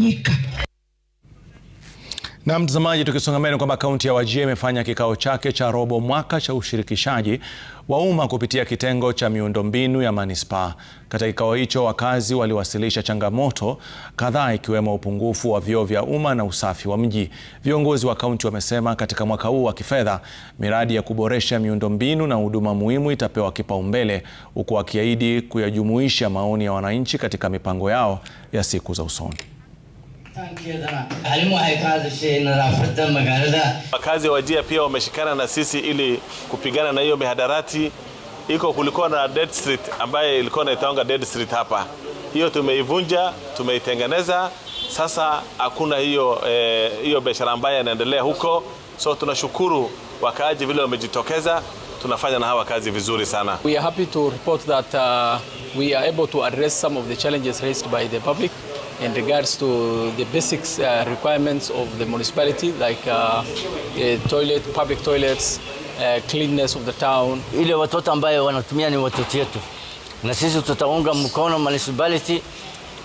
kufanyika. Na mtazamaji, tukisonga mbele kwamba kaunti ya Wajir imefanya kikao chake cha robo mwaka cha ushirikishaji wa umma kupitia kitengo cha miundombinu ya manispaa. Katika kikao hicho, wakazi waliwasilisha changamoto kadhaa ikiwemo upungufu wa vyoo vya umma na usafi wa mji. Viongozi wa kaunti wamesema katika mwaka huu wa kifedha, miradi ya kuboresha miundombinu na huduma muhimu itapewa kipaumbele, huku wakiahidi kuyajumuisha maoni ya wananchi katika mipango yao ya siku za usoni. Wakazi wa Wajir pia wameshikana na sisi ili kupigana na hiyo mihadarati iko. Kulikuwa na Dead Street ambayo ilikuwa inaitanga Dead Street hapa, hiyo tumeivunja, tumeitengeneza. Sasa hakuna hiyo eh, hiyo biashara ambayo inaendelea huko, so tunashukuru wakaaji vile wamejitokeza. Tunafanya na hawa kazi vizuri sana. We are happy to report that uh, we are able to address some of the challenges raised by the public in regards to the basic uh, requirements of the municipality like uh, toilet, public toilets, uh, cleanness of the town. Ile watoto ambayo wanatumia ni watoto yetu, na sisi tutaunga mkono municipality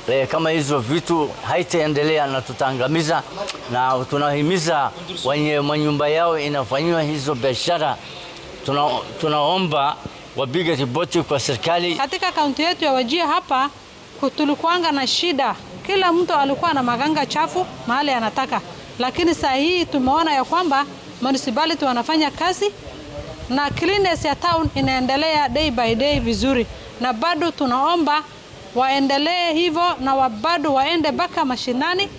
eh, kama hizo vitu haitaendelea na tutaangamiza, na tunahimiza wenye manyumba yao inafanyiwa hizo biashara, tuna, tunaomba wapige ripoti kwa serikali. Katika kaunti yetu ya Wajir hapa tulikuanga na shida kila mtu alikuwa na maganga chafu mahali anataka, lakini saa hii tumeona ya kwamba municipality wanafanya kazi na cleanliness ya town inaendelea day by day vizuri, na bado tunaomba waendelee hivyo na bado waende mpaka mashinani.